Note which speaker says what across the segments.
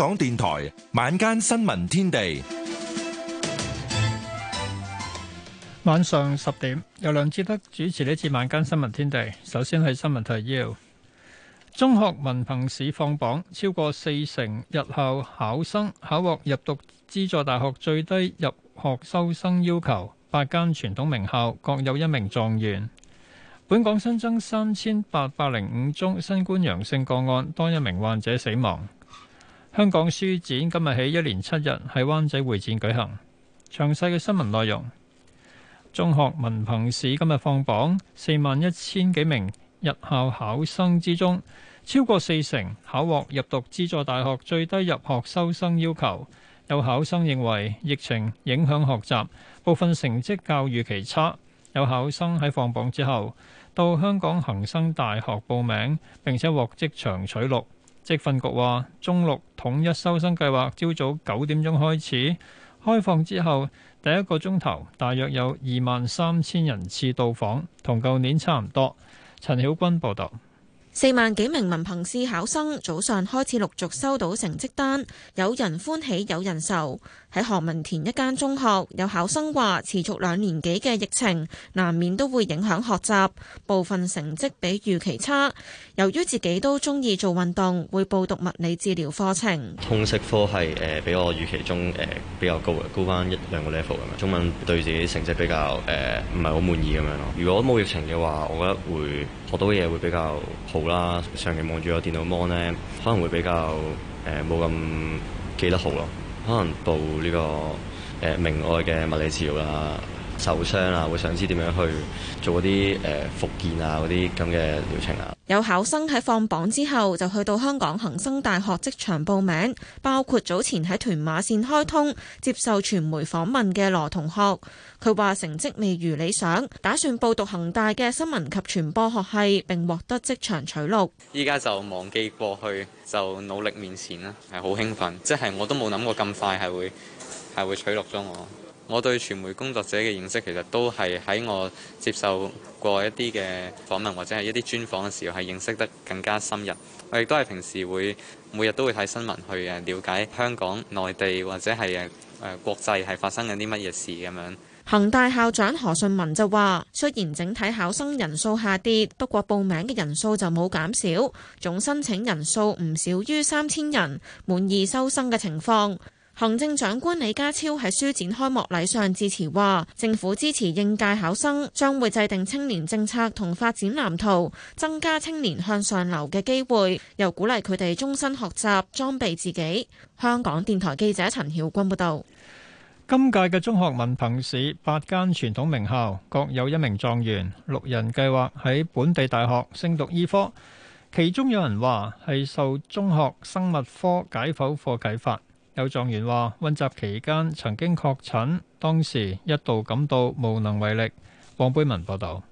Speaker 1: 香港電台晚間新
Speaker 2: 聞天地，晚上十點由梁志德主持呢次晚間新聞天地。首先係新聞提要：中學文憑試放榜，超過四成日校考生考獲入讀資助大學最低入學收生要求，八間傳統名校各有一名狀元。本港新增三千八百零五宗新冠陽性個案，多一名患者死亡。香港書展今日起一連七日喺灣仔會展舉行。詳細嘅新聞內容。中學文憑試今日放榜，四萬一千幾名日校考生之中，超過四成考獲入讀資助大學最低入學收生要求。有考生認為疫情影響學習，部分成績較預期差。有考生喺放榜之後到香港恒生大學報名，並且獲即場取錄。積分局話，中六統一收生計劃朝早九點鐘開始開放之後，第一個鐘頭大約有二萬三千人次到訪，同舊年差唔多。陳曉君報道，
Speaker 3: 四萬幾名文憑試考生早上開始陸續收到成績單，有人歡喜，有人愁。喺何文田一間中學，有考生話持續兩年幾嘅疫情，難免都會影響學習，部分成績比預期差。由於自己都中意做運動，會報讀物理治療課程。
Speaker 4: 通識科係誒、呃，比我預期
Speaker 5: 中誒、呃、比較高嘅，高翻一兩個 level 咁樣。中文對自己成績比較誒唔係好滿意咁樣咯。如果冇疫情嘅話，我覺得會學到嘢會比較好啦。長期望住個電腦 mon 咧，可能會比較誒冇咁記得好咯。可能報呢、這個誒，明愛嘅物理治療啦。受傷啊，會想知點樣去做嗰啲誒復健啊，嗰啲咁嘅療程啊。
Speaker 3: 有考生喺放榜之後就去到香港恒生大學職場報名，包括早前喺屯馬線開通接受傳媒訪問嘅羅同學，佢話成績未如理想，打算報讀恒大嘅新聞及傳播學系並獲得職場取錄。
Speaker 6: 依家就忘記過去，就努力面前啦，係好興奮，即係我都冇諗過咁快係會係會取錄咗我。我對傳媒工作者嘅認識其實都係喺我接受過一啲嘅訪問或者係一啲專訪嘅時候係認識得更加深入。我亦都係平時會每日都會睇新聞去誒了解香港、內地或者係誒誒國際係發生緊啲乜嘢事咁樣。
Speaker 3: 恒大校長何順文就話：雖然整體考生人數下跌，不過報名嘅人數就冇減少，總申請人數唔少於三千人，滿意收生嘅情況。行政長官李家超喺書展開幕禮上致辭，話政府支持應屆考生，將會制定青年政策同發展藍圖，增加青年向上流嘅機會，又鼓勵佢哋終身學習，裝備自己。香港電台記者陳曉君報道：
Speaker 2: 今屆嘅中學文憑試，八間傳統名校各有一名狀元，六人計劃喺本地大學升讀醫科，其中有人話係受中學生物科解剖課啟發。有狀元話，溫習期間曾經確診，當時一度感到無能為力。黃貝文報道，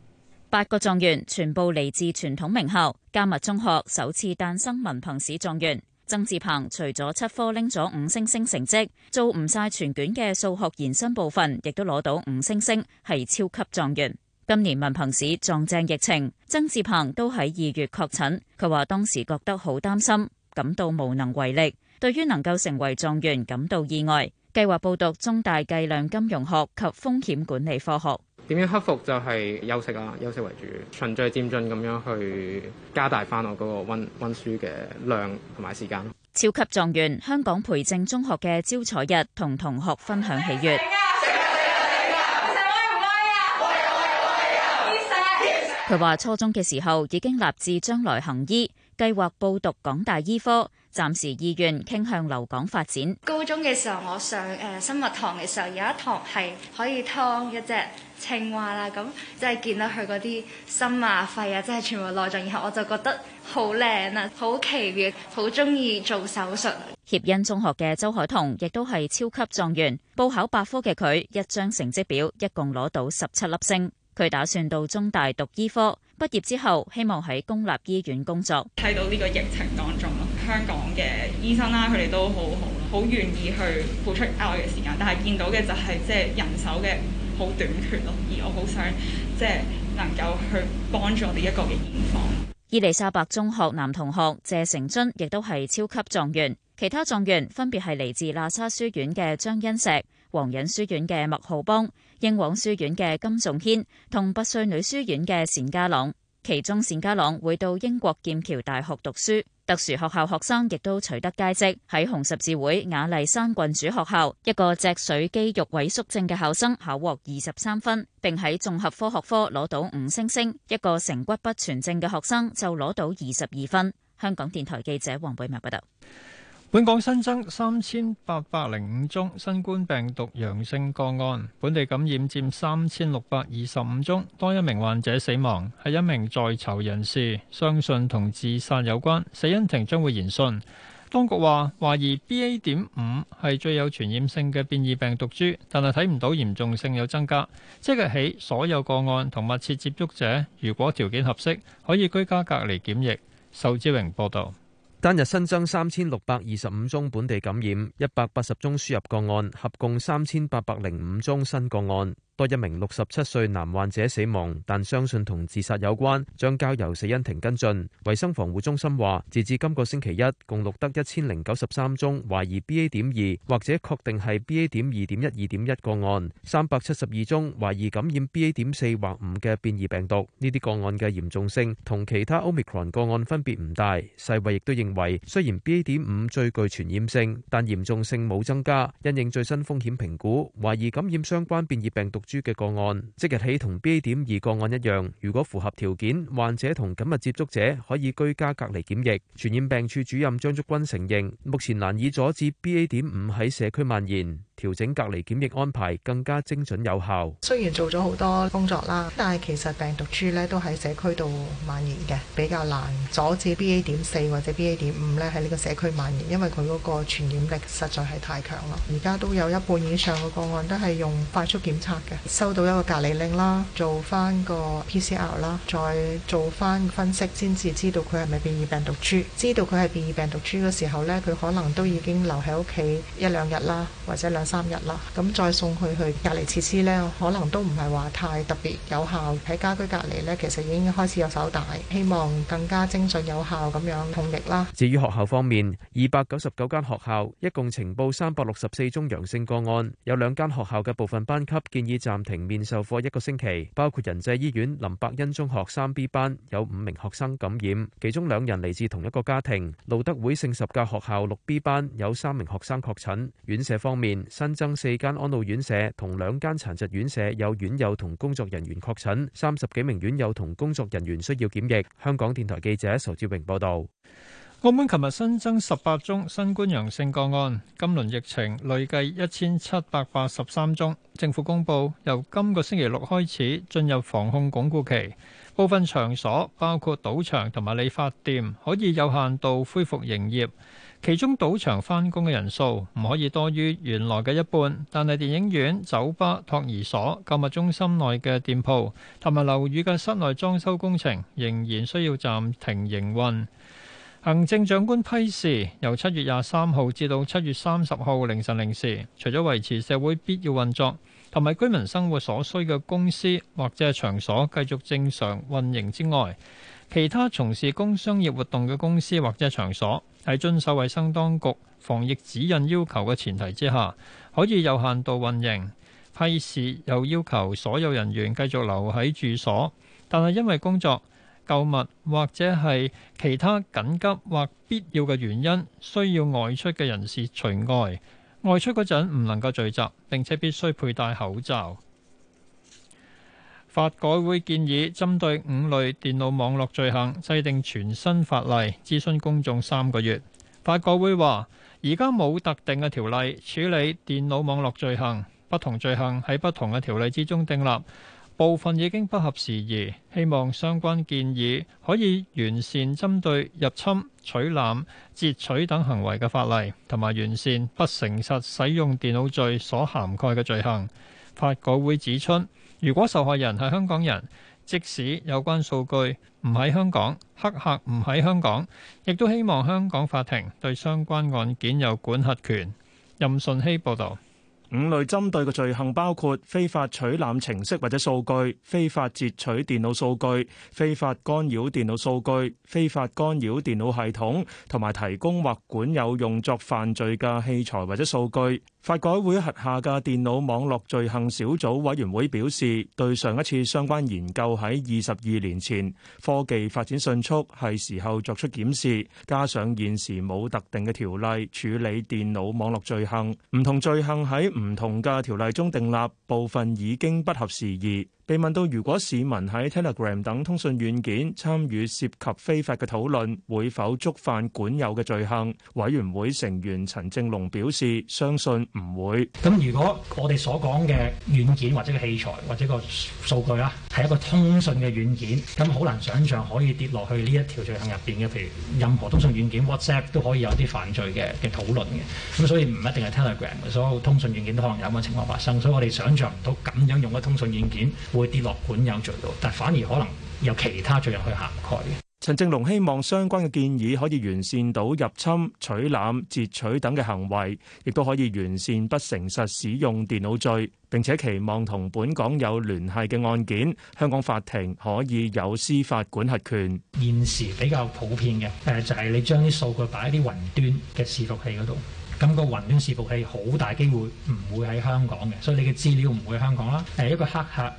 Speaker 7: 八個狀元全部嚟自傳統名校，迦密中學首次誕生文憑試狀元曾志鵬，除咗七科拎咗五星星成績，做唔晒全卷嘅數學延伸部分，亦都攞到五星星，係超級狀元。今年文憑試撞正疫情，曾志鵬都喺二月確診，佢話當時覺得好擔心，感到無能為力。對於能夠成為狀元感到意外，計劃報讀中大計量金融學及風險管理科學。點樣克服
Speaker 8: 就係休息啦、啊，休息為主，循序漸進咁樣去加大翻我嗰個溫溫書嘅量同埋時間。
Speaker 7: 超級狀元香港培正中學嘅招彩日同同學分享喜悅。佢話初中嘅時候已經立志將來行醫，計劃報讀港大醫科。暫時意願傾向留港發展。高中嘅時候，
Speaker 9: 我上誒生物堂嘅時候，有一堂係可以劏一隻青蛙啦，咁即係見到佢嗰啲心啊、肺啊，即係全部內臟，然後我就覺得好靚
Speaker 7: 啊，好奇妙，好中意做手術。協恩中學嘅周海彤亦都係超級狀元，報考百科嘅佢一張成績表，一共攞到十七粒星。佢打算到中大讀醫科，畢業之後希望喺公立醫院工作。睇到呢個疫情當中，
Speaker 9: 香港嘅醫生啦、啊，佢哋都好好好好願意去付出額外嘅時間，但係見到嘅就係即係人手嘅好短缺咯。而我好想即係能夠去幫助我哋一個嘅現
Speaker 7: 況。伊利沙伯中學男同學謝成津亦都係超級狀元，其他狀元分別係嚟自喇沙書院嘅張欣石、皇仁書院嘅麥浩邦、英皇書院嘅金仲軒同拔萃女書院嘅冼家朗。其中善家朗會到英國劍橋大學讀書，特殊學校學生亦都取得佳績。喺紅十字會雅麗珊郡主學校，一個脊髓肌肉萎縮症嘅考生考獲二十三分，並喺綜合科學科攞到五星星。一個成骨不全症嘅學生就攞到二十二分。香港電台記者黃偉文報道。
Speaker 2: 本港新增三千八百零五宗新冠病毒陽性個案，本地感染佔三千六百二十五宗，多一名患者死亡，係一名在囚人士，相信同自殺有關，死因庭將會研訊。當局話懷疑 BA. 點五係最有傳染性嘅變異病毒株，但係睇唔到嚴重性有增加。即日起，所有個案同密切接觸者，如果條件合適，可以居家隔離檢疫。仇志榮
Speaker 10: 報道。單日新增三千六百二十五宗本地感染，一百八十宗輸入個案，合共三千八百零五宗新個案。多一名六十七歲男患者死亡，但相信同自殺有關，將交由死因庭跟進。衛生防護中心話，截至今個星期一，共錄得一千零九十三宗懷疑 BA.2 或者確定係 BA.2.1、2.1個案，三百七十二宗懷疑感染 BA.4 或5嘅變異病毒。呢啲個案嘅嚴重性同其他 Omicron 個案分別唔大。世衛亦都認為，雖然 BA.5 最具傳染性，但嚴重性冇增加。因應最新風險評估，懷疑感染相關變異病毒。豬嘅個案，即日起同 B A 點二個案一樣，如果符合條件，患者同緊密接觸者可以居家隔離檢疫。傳染病處主任張竹君承認，目前難以阻止 B A 點五喺社區蔓延。調整隔離檢疫安排更加精準有效。
Speaker 9: 雖然做咗好多工作啦，但係其實病毒株咧都喺社區度蔓延嘅，比較難阻止 BA.4 或者 BA.5 咧喺呢個社區蔓延，因為佢嗰個傳染力實在係太強啦。而家都有一半以上嘅個案都係用快速檢測嘅，收到一個隔離令啦，做翻個 PCR 啦，再做翻分析先至知道佢係咪變異病毒株。知道佢係變異病毒株嘅時候咧，佢可能都已經留喺屋企一兩日啦，或者兩。三日啦，咁再送佢去隔離設施呢，可能都唔係話太特別有效。喺家居隔離呢，其實已經開始有手帶，希望更加精準有效咁樣
Speaker 11: 控疫啦。
Speaker 10: 至於學校方面，二百九十九間學校一共呈報三百六十四宗陽性個案，有兩間學校嘅部分班級建議暫停面授課一個星期，包括仁濟醫院林百欣中學三 B 班有五名學生感染，其中兩人嚟自同一個家庭。路德會聖十架學校六 B 班有三名學生確診。院舍方面。新增四間安老院舍同兩間殘疾院舍有院友同工作人員確診，三十幾名院友同工作人員需要檢疫。香港電台記者仇志榮報導。
Speaker 2: 澳門琴日新增十八宗新冠陽性個案，今輪疫情累計一千七百八十三宗。政府公佈由今個星期六開始進入防控鞏固期。部分場所包括賭場同埋理髮店可以有限度恢復營業，其中賭場返工嘅人數唔可以多於原來嘅一半，但係電影院、酒吧、托兒所、購物中心內嘅店鋪同埋樓宇嘅室內裝修工程仍然需要暫停營運。行政長官批示，由七月廿三號至到七月三十號凌晨零時，除咗維持社會必要運作同埋居民生活所需嘅公司或者係場所繼續正常運營之外，其他從事工商業活動嘅公司或者係場所，喺遵守衞生當局防疫指引要求嘅前提之下，可以有限度運營。批示又要求所有人員繼續留喺住所，但係因為工作、購物或者係其他緊急或必要嘅原因需要外出嘅人士除外，外出嗰陣唔能夠聚集，並且必須佩戴口罩。法改會建議針對五類電腦網絡罪行制定全新法例，諮詢公眾三個月。法改會話，而家冇特定嘅條例處理電腦網絡罪行，不同罪行喺不同嘅條例之中訂立。部分已經不合時宜，希望相關建議可以完善針對入侵、取覽、截取等行為嘅法例，同埋完善不誠實使用電腦罪所涵蓋嘅罪行。法改會指出，如果受害人係香港人，即使有關數據唔喺香港，黑客唔喺香港，亦都希望香港法庭對相關案件有管轄權。任順希報導。
Speaker 1: 五類針對嘅罪行包括非法取覽程式或者數據、非法截取電腦數據、非法干擾電腦數據、非法干擾電腦系統，同埋提供或管有用作犯罪嘅器材或者數據。法改會轄下嘅電腦網絡罪行小組委員會表示，對上一次相關研究喺二十二年前，科技發展迅速，係時候作出檢視。加上現時冇特定嘅條例處理電腦網絡罪行，唔同罪行喺唔同嘅條例中訂立，部分已經不合時宜。被問到如果市民喺 Telegram 等通訊軟件參與涉及非法嘅討論，會否觸犯管有嘅罪行？委員會成員陳正龍表示：相信唔會。咁如果
Speaker 12: 我哋所講嘅軟件或者個器材或者個數據啦，係一個通訊嘅軟件，咁好難想像可以跌落去呢一條罪行入邊嘅。譬如任何通訊軟件 WhatsApp 都可以有啲犯罪嘅嘅討論嘅。咁所以唔一定係 Telegram，所有通訊軟件都可能有咁嘅情況發生。所以我哋想像唔到咁樣用嘅通訊軟件，會跌落管有罪度，但反而可能有其他罪入去涵蓋
Speaker 1: 嘅。陳正龍希望相關嘅建議可以完善到入侵、取攬、截取等嘅行為，亦都可以完善不誠實使用電腦罪。並且期望同本港有聯繫嘅案件，香港法庭可以有司法管轄權。
Speaker 12: 現時比較普遍嘅誒，就係你將啲數據擺喺啲雲端嘅伺服器嗰度，咁個雲端伺服器好大機會唔會喺香港嘅，所以你嘅資料唔會喺香港啦。誒，一個黑客，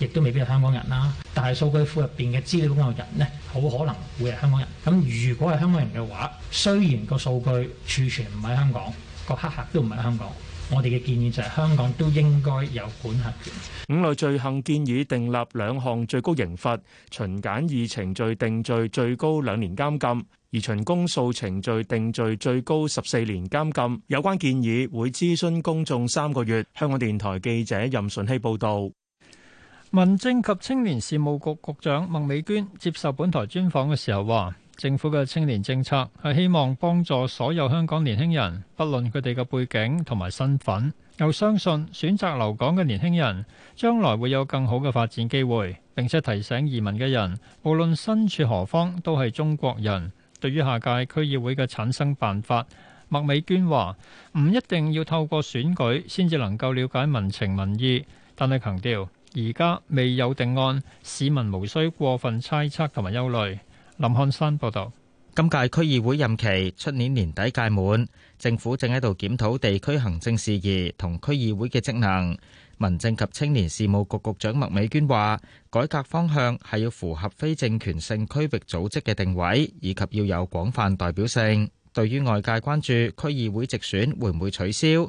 Speaker 12: 亦都未必係香港人啦，但係數據庫入邊嘅資料嗰個人呢，好可能會係香港人。咁如果係香港人嘅話，雖然個數據儲存唔喺香港，個黑客都唔喺香港，我哋嘅建議就係香港都應該有管轄
Speaker 1: 權。五類罪行建議訂立兩項最高刑罰，循簡易程序定罪最高兩年監禁，而循公訴程序定罪最高十四年監禁。有關建議會諮詢公眾三個月。香港電台記者任順希報導。
Speaker 2: 民政及青年事務局局長麥美娟接受本台專訪嘅時候話，政府嘅青年政策係希望幫助所有香港年輕人，不論佢哋嘅背景同埋身份，又相信選擇留港嘅年輕人將來會有更好嘅發展機會，並且提醒移民嘅人，無論身處何方，都係中國人。對於下屆區議會嘅產生辦法，麥美娟話唔一定要透過選舉先至能夠了解民情民意，但係強調，而家未有定案，
Speaker 11: 市民無需過分猜測同埋憂慮，林漢山報道，今屆區議會任期出年年底屆滿，政府正喺度檢討地區行政事宜同區議會嘅職能。民政及青年事務局局長麥美娟話改革方向係要符合非政權性區域組織嘅定位，以及要有廣泛代表性。對於外界關注區議會直選會唔會取消？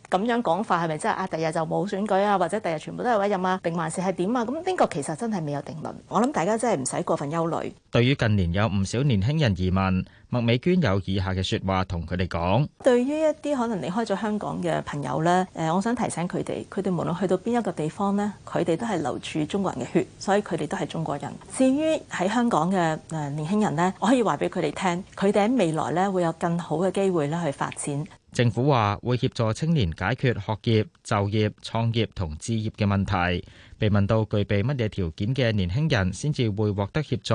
Speaker 9: 咁樣講法係咪真係啊？第日就冇選舉啊，或者第日全部都係委任啊，定還是係點啊？咁呢個其實真係未有定論。我諗大家真係唔使過分憂慮。
Speaker 11: 對於近年有唔少年輕人疑問，麥美娟有以下嘅説話同佢哋講：
Speaker 9: 對於一啲可能離開咗香港嘅朋友呢，誒，我想提醒佢哋，佢哋無論去到邊一個地方呢，佢哋都係流住中國人嘅血，所以佢哋都係中國人。至於喺香港嘅誒年輕人呢，我可以話俾佢哋聽，佢哋喺未來呢會有更好嘅機會咧去發展。
Speaker 11: 政府話會協助青年解決學業、就業、創業同置業嘅問題。被問到具備乜嘢條件嘅年輕人先至會獲得協助，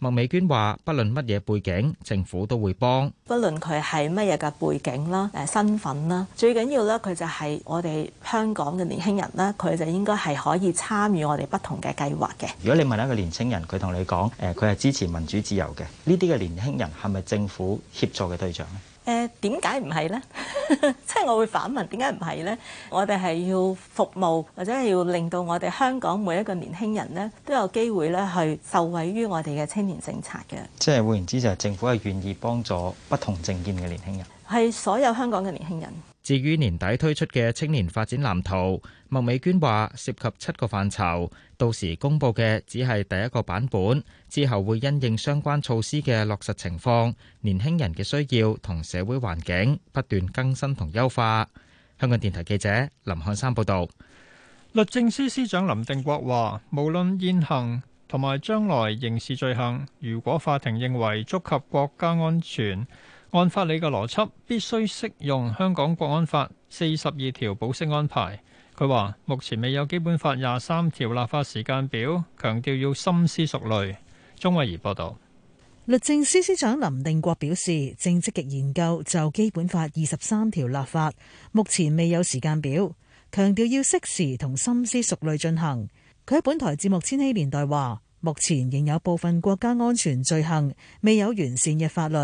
Speaker 11: 麥美娟話：不論乜嘢背景，政府都會幫。
Speaker 9: 不論佢係乜嘢嘅背景啦，誒身份啦，最緊要咧，佢就係我哋香港嘅年輕人啦，佢就應該係可以參與我哋不同
Speaker 11: 嘅計劃嘅。如果你問一個年輕人，佢同你講誒，佢係支持民主自由嘅，呢啲嘅年輕人係咪政府協助嘅對象咧？
Speaker 9: 誒點解唔係呢？即係我會反問點解唔係呢？我哋係要服務，或者係要令到我哋香港每一個年輕人呢都有機會咧去受惠於我哋嘅青年政策嘅。
Speaker 11: 即係換言之，就係政府係願意幫助不同政見嘅年輕人，
Speaker 9: 係所有香港嘅年輕人。
Speaker 11: 至於年底推出嘅青年發展藍圖，麥美娟話涉及七個範疇，到時公布嘅只係第一個版本。之後會因應相關措施嘅落實情況，年輕人嘅需要同社會環境不斷更新同優化。香港電台記者林漢山報導。律政司司長林定國話，
Speaker 2: 無論現行同埋將來刑事罪行，如果法庭認為觸及國家安全，按法理嘅邏輯必須適用香港國安法四十二條保釋安排。佢話，目前未有基本法廿三條立法時間表，強調要深思熟慮。鍾慧儀報道，
Speaker 13: 律政司司長林定國表示，正積極研究就《基本法》二十三條立法，目前未有時間表，強調要適時同深思熟慮進行。佢喺本台節目《千禧年代》話，目前仍有部分國家安全罪行未有完善嘅法律，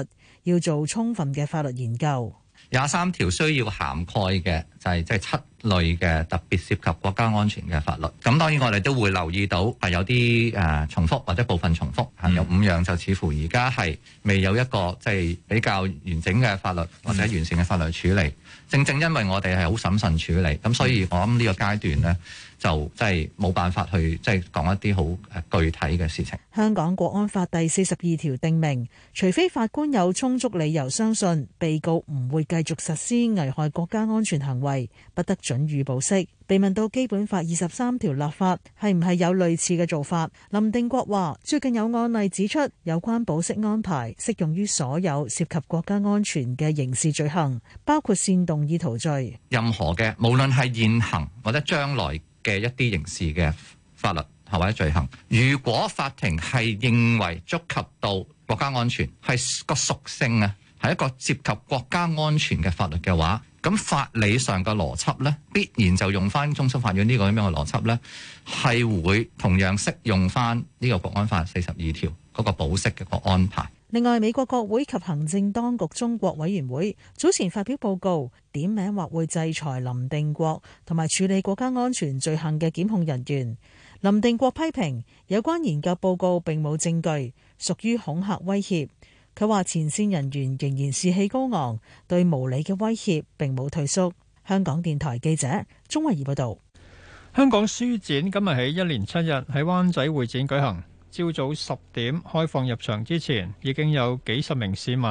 Speaker 13: 要做充分嘅法律研究。
Speaker 4: 廿三條需要涵蓋嘅就係即係七類嘅特別涉及國家安全嘅法律。咁當然我哋都會留意到有啲誒重複或者部分重複。有五樣就似乎而家係未有一個即係、就是、比較完整嘅法律或者完善嘅法律處理。正正因為我哋係好審慎處理，咁所以我諗呢個階段呢就即係冇辦法去即係講一啲好具體嘅事情。
Speaker 13: 香港國安法第四十二條定明，除非法官有充足理由相信被告唔會繼續實施危害國家安全行為，不得准予保釋。被問到《基本法》二十三條立法係唔係有類似嘅做法，林定國話：最近有案例指出，有關保釋安排適用於所有涉及國家安全嘅刑事罪行，包括煽動意圖罪。
Speaker 4: 任何嘅，無論係現行或者將來。嘅一啲刑事嘅法律或者罪行。如果法庭係認為觸及到國家安全，係個屬性啊，係一個涉及國家安全嘅法律嘅話，咁法理上嘅邏輯咧，必然就用翻終審法院這個這呢個咁樣嘅邏輯咧，係會同樣適用翻呢個國安法四十二條嗰個保釋嘅個安排。
Speaker 13: 另外，美國國會及行政當局中國委員會早前發表報告，點名或會制裁林定國同埋處理國家安全罪行嘅檢控人員。林定國批評有關研究報告並冇證據，屬於恐嚇威脅。佢話前線人員仍然士氣高昂，對無理嘅威脅並冇退縮。香港電台記者鍾慧儀報道。
Speaker 2: 香港書展今日起一連七日喺灣仔會展舉行。朝早十點開放入場之前，已經有幾十名市民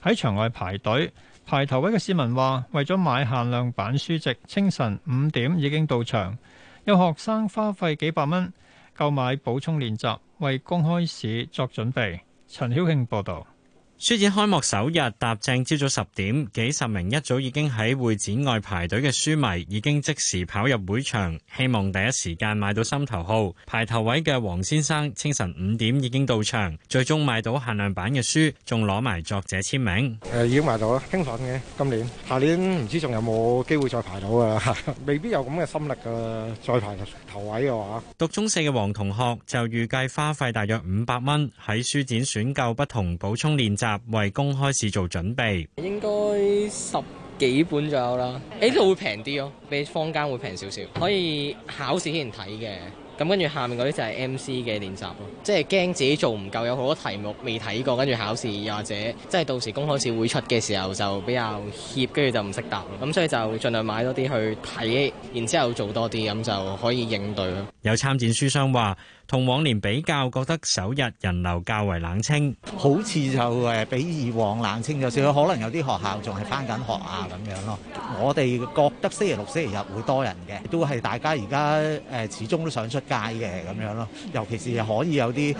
Speaker 2: 喺場外排隊。排頭位嘅市民話：為咗買限量版書籍，清晨五點已經到場。有學生花費幾百蚊
Speaker 6: 購買補充練習，為公開試作準備。陳曉慶報導。書展開幕首日，踏正朝早十點，幾十名一早已經喺會展外排隊嘅書迷，已經即時跑入會場，希望第一時間買到心頭好。排頭位嘅黃先生，清晨五點已經到場，最終買到限量版嘅書，仲攞埋作者簽名。誒，已經買到啦，興奮嘅，今年下年唔知仲有冇機會
Speaker 12: 再排到啊？ 未必有咁嘅心力啊。再排頭位嘅話。
Speaker 6: 讀中四嘅黃同學就預計花費大約五百蚊喺書展選購不同補充練習。為公開試做準備，
Speaker 8: 應該十幾本左右啦。呢度會
Speaker 11: 平啲咯，比坊間會平少少。可以考試前睇嘅，咁跟住下面嗰啲就係 MC 嘅練習咯。即係驚自己做唔夠，有好多題目未睇過，跟住考試又或者即係到時公開試會出嘅時候就比較怯，跟住就唔識答。咁所以就盡量買多啲去睇，然之後做多啲，咁就可以應對咯。
Speaker 6: 有參展書商話。同往年比較，覺得首日人流較為冷清，好似就
Speaker 4: 比以往冷清咗少少，就是、可能有啲學校仲係翻緊學啊，咁樣咯。我哋覺得星期六、星期日會多人嘅，都係大家而家、呃、始終都想出街嘅咁樣咯。尤其是可以有啲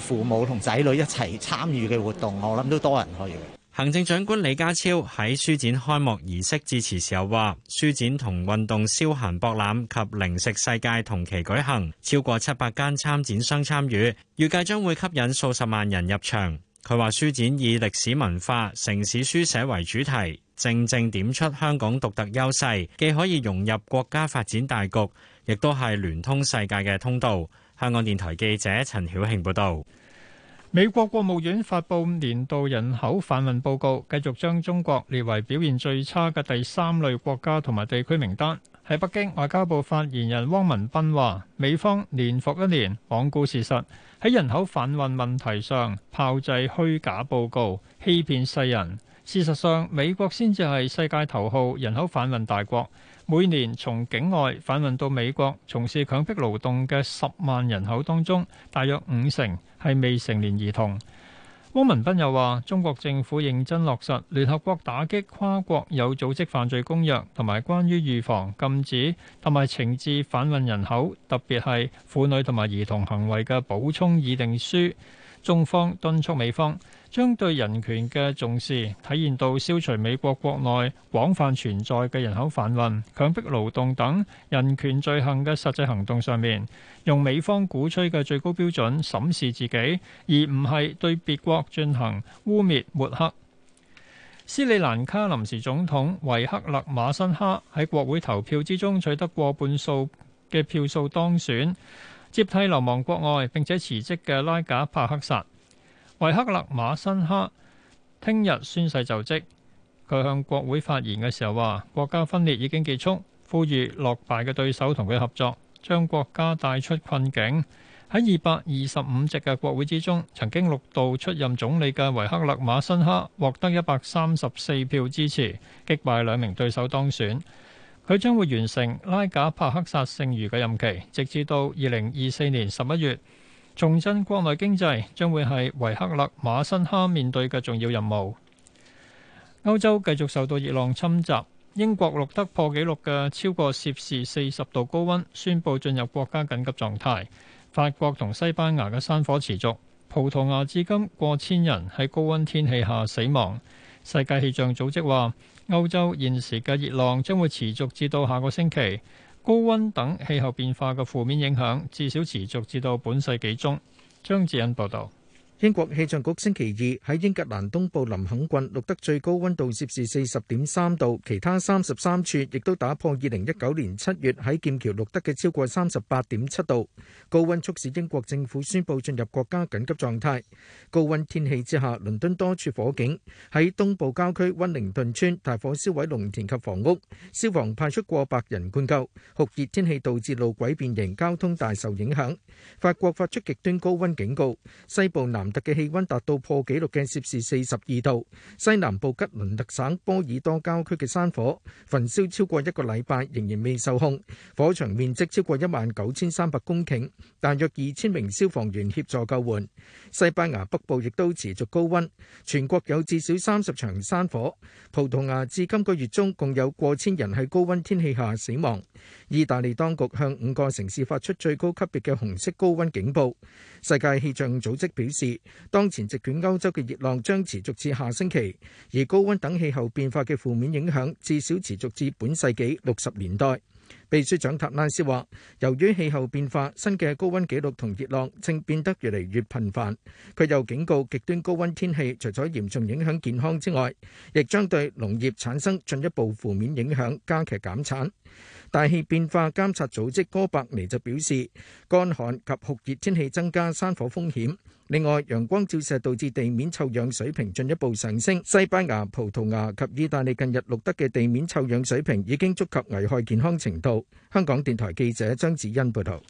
Speaker 4: 父母同仔女一齊參與嘅活動，我諗都多人去。
Speaker 6: 行政長官李家超喺書展開幕儀式致辭時候話：書展同運動消閒博覽及零食世界同期舉行，超過七百間參展商參與，預計將會吸引數十萬人入場。佢話書展以歷史文化、城市書寫為主題，正正點出香港獨特優勢，既可以融入國家發展大局，亦都係聯通世界嘅通道。香港電台記者陳曉慶報道。
Speaker 2: 美國國務院發佈年度人口販運報告，繼續將中國列為表現最差嘅第三類國家同埋地區名單。喺北京，外交部發言人汪文斌話：美方年復一年，罔顧事實，喺人口販運問題上炮製虛假報告，欺騙世人。事實上，美國先至係世界頭號人口販運大國。每年從境外販運到美國從事強迫勞動嘅十萬人口當中，大約五成係未成年兒童。汪文斌又話：中國政府認真落實聯合國打擊跨國有組織犯罪公約，同埋關於預防、禁止同埋懲治販運人口，特別係婦女同埋兒童行為嘅補充議定書。中方敦促美方將對人權嘅重視體現到消除美國國內廣泛存在嘅人口販運、強迫勞動等人權罪行嘅實際行動上面，用美方鼓吹嘅最高標準審視自己，而唔係對別國進行污蔑抹黑。斯里蘭卡臨時總統維克勒馬辛哈喺國會投票之中取得過半數嘅票數當選，接替流亡國外並且辭職嘅拉賈帕克薩。維克勒馬辛克聽日宣誓就職。佢向國會發言嘅時候話：國家分裂已經結束，呼籲落敗嘅對手同佢合作，將國家帶出困境。喺二百二十五席嘅國會之中，曾經六度出任總理嘅維克勒馬辛克獲得一百三十四票支持，擊敗兩名對手當選。佢將會完成拉賈帕克薩剩餘嘅任期，直至到二零二四年十一月。重振國內經濟將會係維克勒馬辛哈面對嘅重要任務。歐洲繼續受到熱浪侵襲，英國錄得破紀錄嘅超過攝氏四十度高溫，宣布進入國家緊急狀態。法國同西班牙嘅山火持續，葡萄牙至今過千人喺高溫天氣下死亡。世界氣象組織話，歐洲現時嘅熱浪將會持續至到下個星期。高溫等氣候變化嘅負面影響，至少持續至
Speaker 14: 到本世紀中。張智恩報導。英國氣象局星期二喺英格蘭東部林肯郡錄得最高溫度攝氏四十點三度，其他三十三處亦都打破二零一九年七月喺劍橋錄得嘅超過三十八點七度。高温促使英國政府宣布進入國家緊急狀態。高温天氣之下，倫敦多處火警，喺東部郊區溫寧頓村大火燒毀農田及房屋，消防派出過百人灌救。酷熱天氣導致路軌變形，交通大受影響。法國發出極端高温警告，西部南特嘅氣溫達到破紀錄嘅攝氏四十二度。西南部吉倫特省波爾多郊區嘅山火，焚燒超過一個禮拜，仍然未受控，火場面積超過一萬九千三百公頃，大約二千名消防員協助救援。西班牙北部亦都持續高溫，全國有至少三十場山火。葡萄牙至今個月中共有過千人喺高溫天氣下死亡。意大利當局向五個城市發出最高級別嘅紅色高温警報。世界氣象組織表示，當前席捲歐洲嘅熱浪將持續至下星期，而高温等氣候變化嘅負面影響至少持續至本世紀六十年代。秘書長塔拉斯話，由於氣候變化，新嘅高温記錄同熱浪正變得越嚟越頻繁。佢又警告，極端高温天氣除咗嚴重影響健康之外，亦將對農業產生進一步負面影響，加劇減產。大氣變化監察組織哥白尼就表示，乾旱及酷熱天氣增加山火風險。另外，陽光照射導致地面臭氧水平進一步上升。西班牙、葡萄牙及意大利近日錄得嘅地面臭氧水平已經觸及危害健康程度。香港電台記者張子欣報道。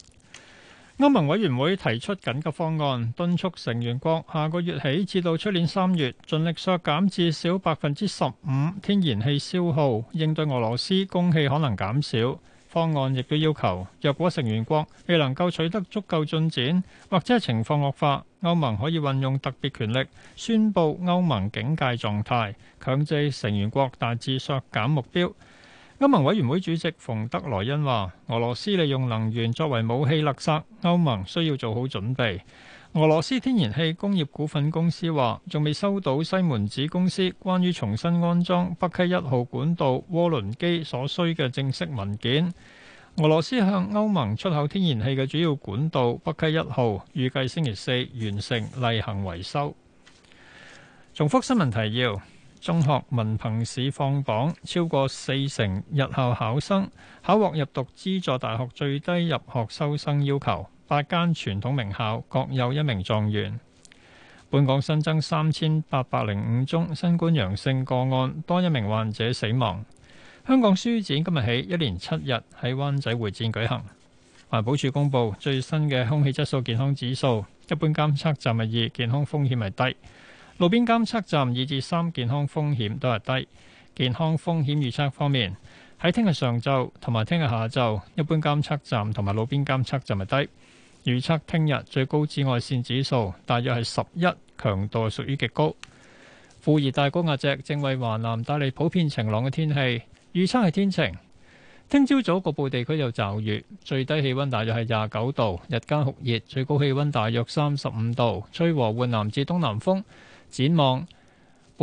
Speaker 2: 歐盟委員會提出緊急方案，敦促成員國下個月起至到出年三月盡力削減至少百分之十五天然氣消耗，應對俄羅斯供氣可能減少。方案亦都要求，若果成員國未能夠取得足夠進展，或者情況惡化，歐盟可以運用特別權力，宣佈歐盟警戒狀態，強制成員國大幅削減目標。歐盟委員會主席馮德萊恩話：俄羅斯利用能源作為武器勒索，歐盟需要做好準備。俄羅斯天然氣工業股份公司話，仲未收到西門子公司關於重新安裝北溪一號管道渦輪機所需嘅正式文件。俄羅斯向歐盟出口天然氣嘅主要管道北溪一號，預計星期四完成例行維修。重複新聞提要：中學文憑試放榜，超過四成日校考生考獲入讀資助大學最低入學收生要求。八間傳統名校各有一名狀元。本港新增三千八百零五宗新冠陽性個案，多一名患者死亡。香港書展今日起一連七日喺灣仔會展舉行。環保署公布最新嘅空氣質素健康指數，一般監測站係二，健康風險係低；路邊監測站二至三，健康風險都係低。健康風險預測方面，喺聽日上晝同埋聽日下晝，一般監測站同埋路邊監測站係低。預測聽日最高紫外線指數大約係十一，強度屬於極高。副熱帶高壓脊正為華南帶嚟普遍晴朗嘅天氣，預測係天晴。聽朝早局部地區有驟雨，最低氣溫大約係廿九度，日間酷熱，最高氣溫大約三十五度，吹和緩南至東南風。展望。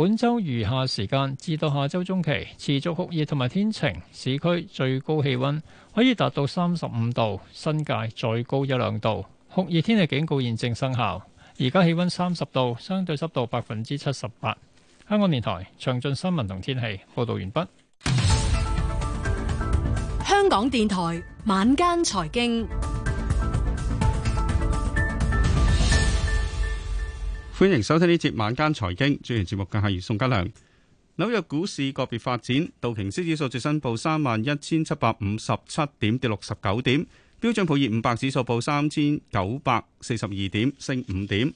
Speaker 2: 本周餘下時間至到下周中期持續酷熱同埋天晴，市區最高氣溫可以達到三十五度，新界再高一兩度。酷熱天氣警告現正生效，而家氣溫三十度，相對濕度百分之七十八。香港電台詳盡新聞同天氣報道完畢。
Speaker 9: 香港電台晚間財經。
Speaker 15: 歡迎收聽呢節晚間財經，主持人節目嘅係宋嘉良。紐約股市個別發展，道瓊斯指數最新報三萬一千七百五十七點，跌六十九點；標準普爾五百指數報三千九百四十二點，升五點。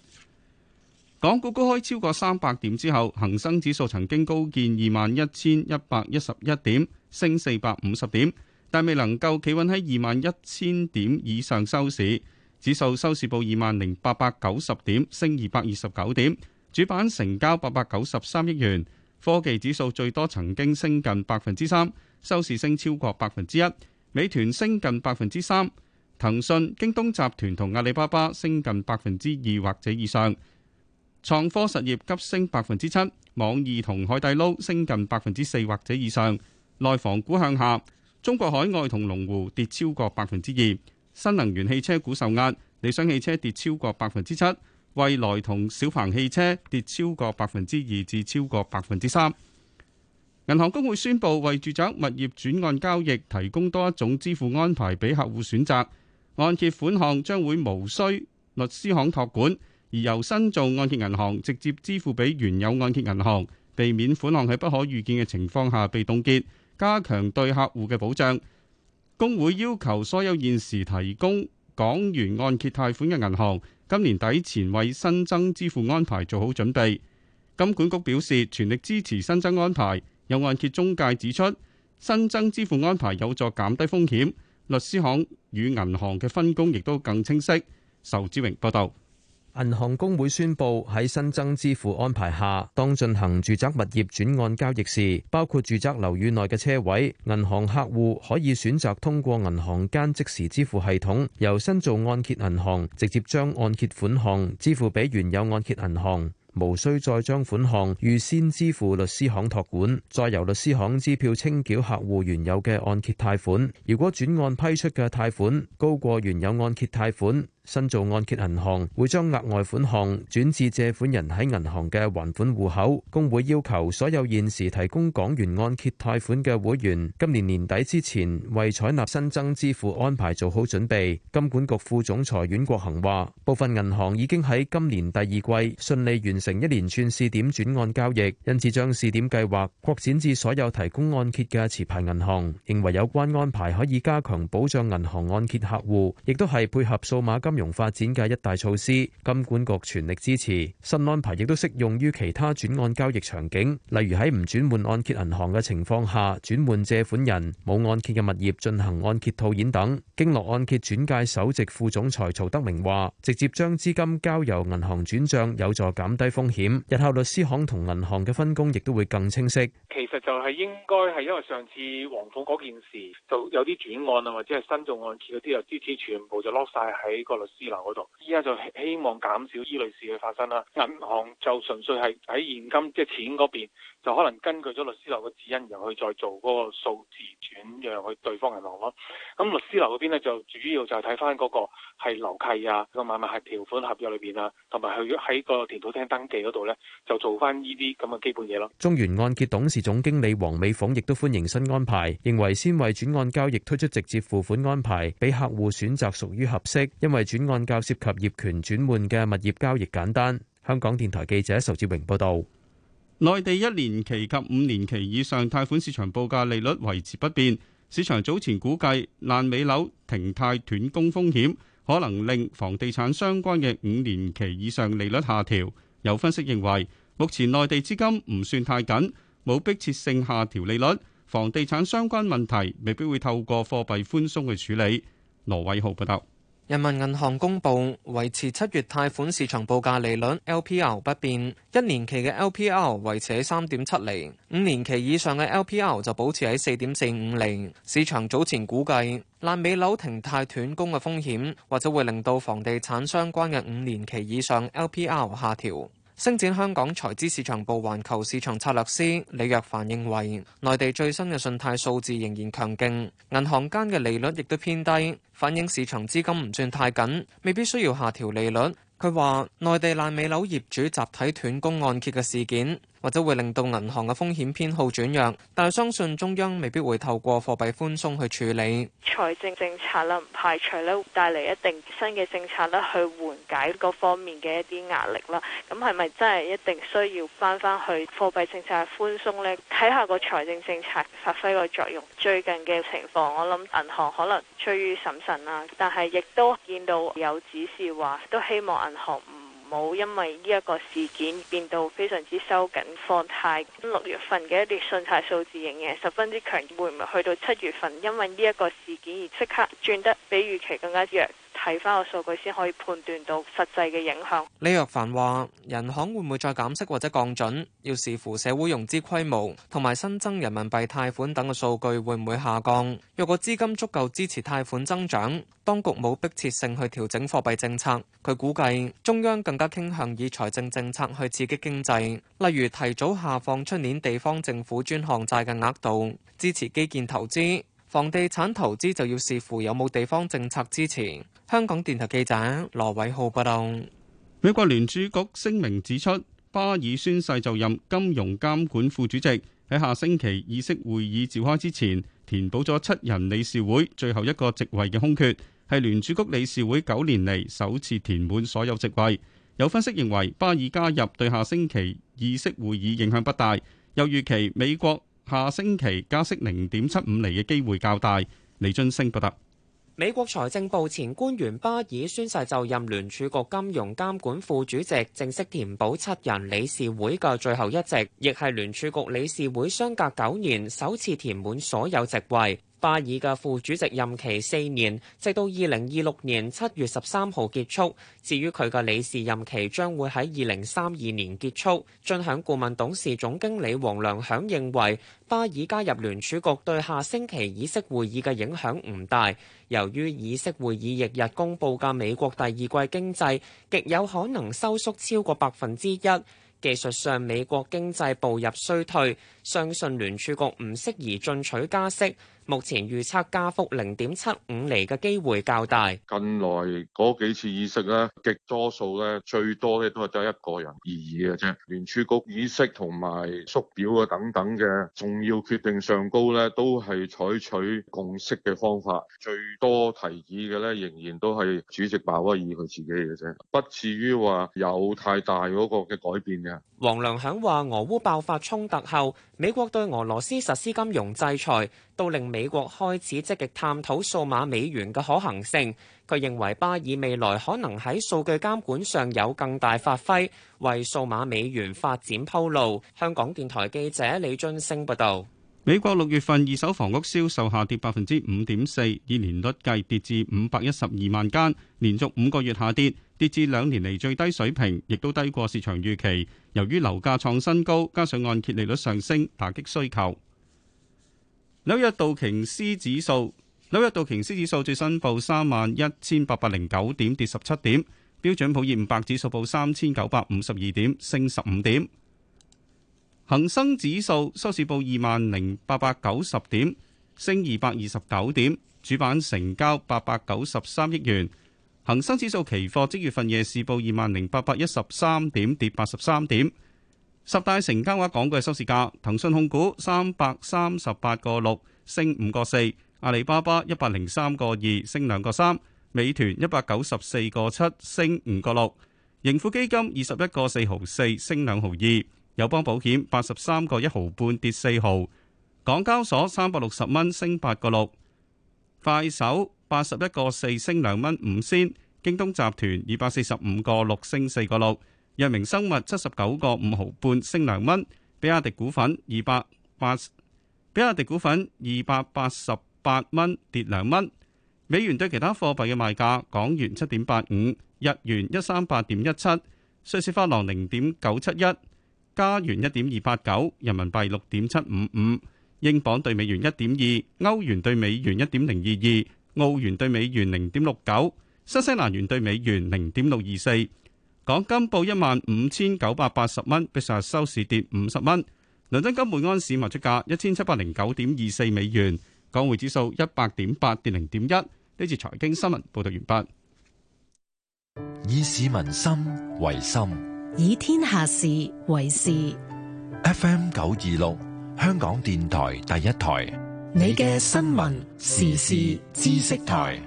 Speaker 15: 港股高開超過三百點之後，恆生指數曾經高見二萬一千一百一十一點，升四百五十點，但未能夠企穩喺二萬一千點以上收市。指數收市報二萬零八百九十點，升二百二十九點，主板成交八百九十三億元。科技指數最多曾經升近百分之三，收市升超過百分之一。美團升近百分之三，騰訊、京東集團同阿里巴巴升近百分之二或者以上。創科實業急升百分之七，網易同海底撈升近百分之四或者以上。內房股向下，中國海外同龍湖跌超過百分之二。新能源汽車股受壓，理想汽車跌超過百分之七，蔚來同小鵬汽車跌超過百分之二至超過百分之三。銀行公會宣布為住宅物業轉按交易提供多一種支付安排俾客戶選擇，按揭款項將會無需律師行託管，而由新造按揭銀行直接支付俾原有按揭銀行，避免款項喺不可預見嘅情況下被凍結，加強對客戶嘅保障。工會要求所有現時提供港元按揭貸款嘅銀行，今年底前為新增支付安排做好準備。金管局表示全力支持新增安排。有按揭中介指出，新增支付安排有助減低風險。律師行與銀行嘅分工亦都更清晰。仇志榮報道。銀行公會宣布喺新增支付安排下，當進
Speaker 10: 行住宅物業轉按交易時，包括住宅樓宇內嘅車位，銀行客戶可以選擇通過銀行間即時支付系統，由新造按揭銀行直接將按揭款項支付俾原有按揭銀行，無需再將款項預先支付律師行託管，再由律師行支票清繳客戶原有嘅按揭貸款。如果轉按批出嘅貸款高過原有按揭貸款，新造按揭銀行會將額外款項轉至借款人喺銀行嘅還款戶口。工會要求所有現時提供港元按揭貸款嘅會員，今年年底之前為採納新增支付安排做好準備。金管局副總裁阮國恒話：部分銀行已經喺今年第二季順利完成一連串試點轉案交易，因此將試點計劃擴展至所有提供按揭嘅持牌銀行。認為有關安排可以加強保障銀行按揭客戶，亦都係配合數碼金。金融發展嘅一大措施，金管局全力支持新安排，亦都適用於其他轉按交易場景，例如喺唔轉換按揭銀行嘅情況下，轉換借款人冇按揭嘅物業進行按揭套現等。經絡按揭轉介首席副總裁曹德明話，直接將資金交由銀行轉賬有助減低風險。日後律師行同銀行嘅分工亦都會更清晰。
Speaker 12: 其實就係應該，係因為上次黃鳳嗰件事，就有啲轉案啊，或者係新做按揭嗰啲，啊支持全部就攞曬喺個律師樓嗰度，依家就希望減少依類事嘅發生啦。銀行就純粹係喺現金，即係錢嗰邊，就可能根據咗律師樓嘅指引，然後去再做嗰個數字轉讓去對方銀行咯。咁律師樓嗰邊咧就主要就係睇翻嗰個係樓契啊，個買賣合條款合約裏邊啊，同埋佢喺個田土廳登記嗰度咧，就做翻呢啲咁嘅基本嘢咯。
Speaker 10: 中原按揭董事總經理黃美鳳亦都歡迎新安排，認為先為轉按交易推出直接付款安排，俾客戶選擇屬於合適，因為，本案較涉及
Speaker 15: 業權轉換嘅物業交易簡單。香港電台記者仇志榮報道。內地一年期及五年期以上貸款市場報價利率維持不變。市場早前估計爛尾樓停貸斷供風險可能令房地產相關嘅五年期以上利率下調。有分析認為，目前內地資金唔算太緊，冇迫切性下調利率。房地產相關問題未必會透過貨幣寬鬆去處理。羅偉浩報道。人民銀行公布
Speaker 8: 維持七月貸款市場報價利率 LPR 不變，一年期嘅 LPR 維持喺三點七釐，五年期以上嘅 LPR 就保持喺四點四五釐。市場早前估計，爛尾樓停貸斷供嘅風險，或者會令到房地產相關嘅五年期以上 LPR 下調。星展香港財資市場部環球市場策略師李若凡認為，內地最新嘅信貸數字仍然強勁，銀行間嘅利率亦都偏低，反映市場資金唔算太緊，未必需要下調利率。佢話，內地爛尾樓業主集體斷供按揭嘅事件，或者會令到銀行嘅風險偏好轉弱，但係相信中央未必會透過貨幣寬鬆去處理
Speaker 9: 財政政策啦，唔排除咧帶嚟一定新嘅政策咧去緩解各方面嘅一啲壓力啦。咁係咪真係一定需要翻翻去貨幣政策寬鬆呢？睇下個財政政策發揮個作用。最近嘅情況，我諗銀行可能趨於審慎啦，但係亦都見到有指示話都希望銀行唔。冇因為呢一個事件變到非常之收緊放貸，六月份嘅一啲信貸數字仍然十分之強，會唔會去到七月份因為呢一個事件而即刻轉得比預期更加弱？睇翻個數據先，可以判斷
Speaker 8: 到實際嘅影響。李若凡話，人行會唔會再減息或者降準，要視乎社會融資規模同埋新增人民幣貸款等嘅數據會唔會下降。若果資金足夠支持貸款增長，當局冇迫切性去調整貨幣政策。佢估計中央更加傾向以財政政策去刺激經濟，例如提早下放出年地方政府專項債嘅額度，支持基建投資。房地產投資就要視乎有冇地方政策支持。香港電台記者羅偉
Speaker 15: 浩報道：美國聯儲局聲明指出，巴爾宣誓就任金融監管副主席，喺下星期議息會議召開之前，填補咗七人理事會最後一個席位嘅空缺，係聯儲局理事會九年嚟首次填滿所有席位。有分析認為，巴爾加入對下星期議息會議影響不大，又預期美國下星期加息零點七五厘嘅機會較大。李津升報道。
Speaker 5: 美國財政部前官員巴爾宣誓就任聯儲局金融監管副主席，正式填補七人理事會嘅最後一席，亦係聯儲局理事會相隔九年首次填滿所有席位。巴爾嘅副主席任期四年，直到二零二六年七月十三號結束。至於佢嘅理事任期將會喺二零三二年結束。進響顧問董事總經理黃良響認為，巴爾加入聯儲局對下星期議息會議嘅影響唔大，由於議息會議翌日公佈嘅美國第二季經濟極有可能收縮超過百分之一，技術上美國經濟步入衰退，相信聯儲局唔適宜進取加息。目前預測加幅零點七五厘嘅機會較大。
Speaker 11: 近來嗰幾次議息咧，極多數咧最多咧都係得一個人異議嘅啫。聯儲局議息同埋縮表啊等等嘅重要決定上高咧，都係採取共識嘅方法，最多提議嘅咧仍然都係主席鮑威爾佢自己嘅啫，不至於話有太大嗰個嘅改變嘅。黃
Speaker 5: 良響話：俄烏爆發衝突後，美國對俄羅斯實施金融制裁。都令美國開始積極探討數碼美元嘅可行性，佢認為巴爾未來可能喺數據監管上有更大發揮，為數碼美元發展鋪路。香港電台記者李津升報導。
Speaker 15: 美國六月份二手房屋銷售下跌百分之五點四，以年率計跌至五百一十二萬間，連續五個月下跌，跌至兩年嚟最低水平，亦都低過市場預期。由於樓價創新高，加上按揭利率上升，打擊需求。紐約道瓊斯指數，紐約道瓊斯指數最新報三萬一千八百零九點，跌十七點。標準普爾五百指數報三千九百五十二點，升十五點。恒生指數收市報二萬零八百九十點，升二百二十九點。主板成交八百九十三億元。恒生指數期貨即月份夜市報二萬零八百一十三點，跌八十三點。十大成交嘅話講嘅係收市價，騰訊控股三百三十八個六，升五個四；阿里巴巴一百零三個二，升兩個三；美團一百九十四個七，升五個六；盈富基金二十一個四毫四，升兩毫二；友邦保險八十三個一毫半，跌四毫；港交所三百六十蚊，升八個六；快手八十一個四，升兩蚊五仙；京東集團二百四十五個六，升四個六。藥明生物七十九個五毫半升兩蚊，比亞迪股份二百八，比亞迪股份二百八十八蚊跌兩蚊。美元對其他貨幣嘅賣價：港元七點八五，日元一三八點一七，瑞士法郎零點九七一，加元一點二八九，人民幣六點七五五，英鎊對美元一點二，歐元對美元一點零二二，澳元對美元零點六九，新西蘭元對美元零點六二四。港金報一萬五千九百八十蚊，比上日收市跌五十蚊。倫敦金每安士賣出價一千七百零九點二四美元。港匯指數一百點八，跌零點一。呢次財經新聞報道完畢。以市民心為心，
Speaker 12: 以天下事為事。
Speaker 1: FM 九二六，香港電台第一台，
Speaker 12: 你嘅新聞
Speaker 1: 時事知識台。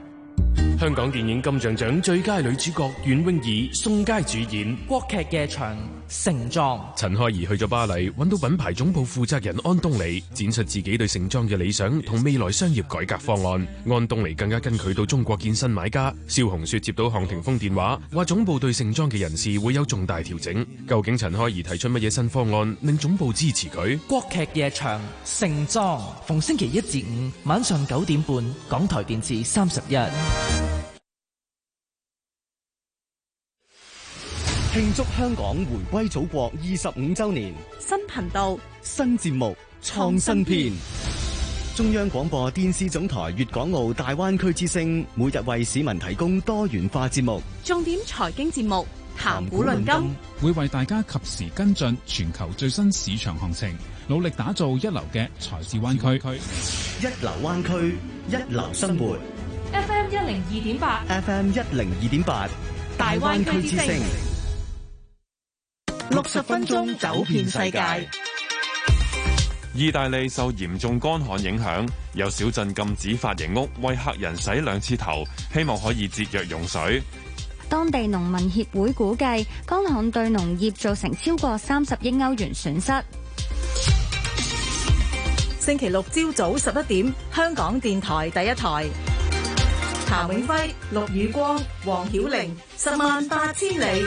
Speaker 1: 香港電影金像獎最佳女主角袁詠儀、宋佳主演《國劇夜場》。盛裝，陳開怡去咗巴黎，揾
Speaker 10: 到品牌總部負責人安東尼，展示自己對盛裝嘅理想同未來商業改革方案。安東尼更加跟佢到中國見新買家。肖紅雪接到項霆鋒電話，話總部對盛裝嘅人事會有重大調整。究竟陳開怡提出乜嘢新方案，令總部
Speaker 4: 支持佢？國劇夜場盛裝逢星期一至五晚上九點半，港台電視三十一。慶祝香港回歸祖國二十五週年，新頻
Speaker 6: 道、新節目、創新篇。中央廣播電視總台粵港澳大灣區之聲，每日為市民提供多元化節目。
Speaker 9: 重點財經節目談股論金，金
Speaker 10: 會為大家及時跟進全球最新市場行情，努力打造一流嘅財智灣區。一流灣區，一流生活。一
Speaker 9: 生活 FM 一零二點八
Speaker 10: ，FM 一零二點八，大
Speaker 9: 灣區之聲。
Speaker 13: 六十分鐘走遍世界。
Speaker 1: 意大利受嚴重乾旱影響，有小鎮禁止髮型屋為客人洗兩次頭，希望可以節約用水。
Speaker 4: 當地農
Speaker 9: 民協會估計，乾旱對農業造成超過三十億歐元損失。星期六朝早十一點，香港電台第一台。譚永輝、陸宇
Speaker 3: 光、黃曉玲，
Speaker 9: 十萬八千里。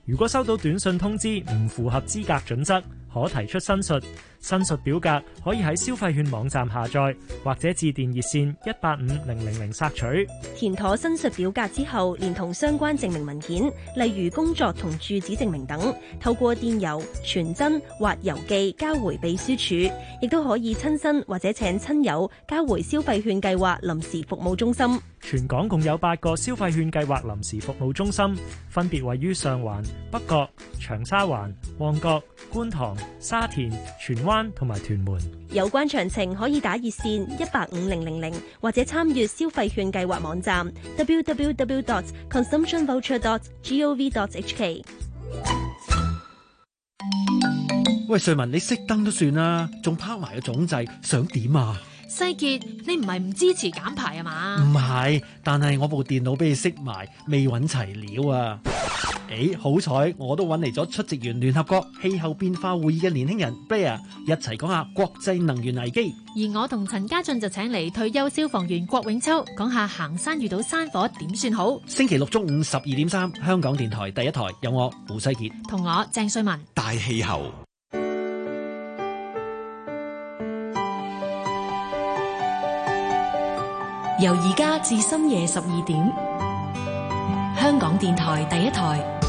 Speaker 1: 如果收到短信通知唔符合資格準則，可提出申述。申述表格可以喺消費券網站下載，或者致電熱線一八五零零零索取。填
Speaker 9: 妥申述表格之後，連同相關證明文件，例如工作同住址證明等，透過電郵、傳真或郵寄交回秘書處，亦都可以親身或者請親友交回消費券計劃臨時服務中心。
Speaker 1: 全港共有八個消費券計劃臨時服務中心，分別位於上環。北角、長沙灣、旺角、觀塘、沙田、荃灣同埋屯門
Speaker 9: 有關詳情可以打熱線一八五零零零或者參與消費券計劃網站 www.consumptionvoucher.gov.hk dot。
Speaker 12: 喂，瑞文，你熄燈都算啦，仲拋埋個總掣，想點啊？
Speaker 9: 西杰，你唔係唔支持減排啊嘛？
Speaker 13: 唔
Speaker 12: 係，但係我部電腦俾你熄埋，未揾齊料啊。誒，好彩我都揾嚟咗出席完聯合國氣候變化會議嘅年輕人 Brya 一齊講下國際能源危機。
Speaker 9: 而我同陳家俊就請嚟退休消防員郭永秋講下行山遇到山
Speaker 12: 火點算好。星期六中午十二點三，3，香港電台第一台有我胡世杰，同我鄭瑞文，
Speaker 1: 大氣候
Speaker 9: 由而家至深夜十二點，香港電台第一台。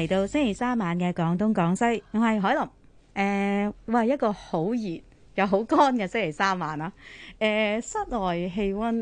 Speaker 7: 嚟到星期三晚嘅廣東廣西，我係海琳。誒、呃，哇一個好熱又好乾嘅星期三晚啊！誒、呃，室外氣溫。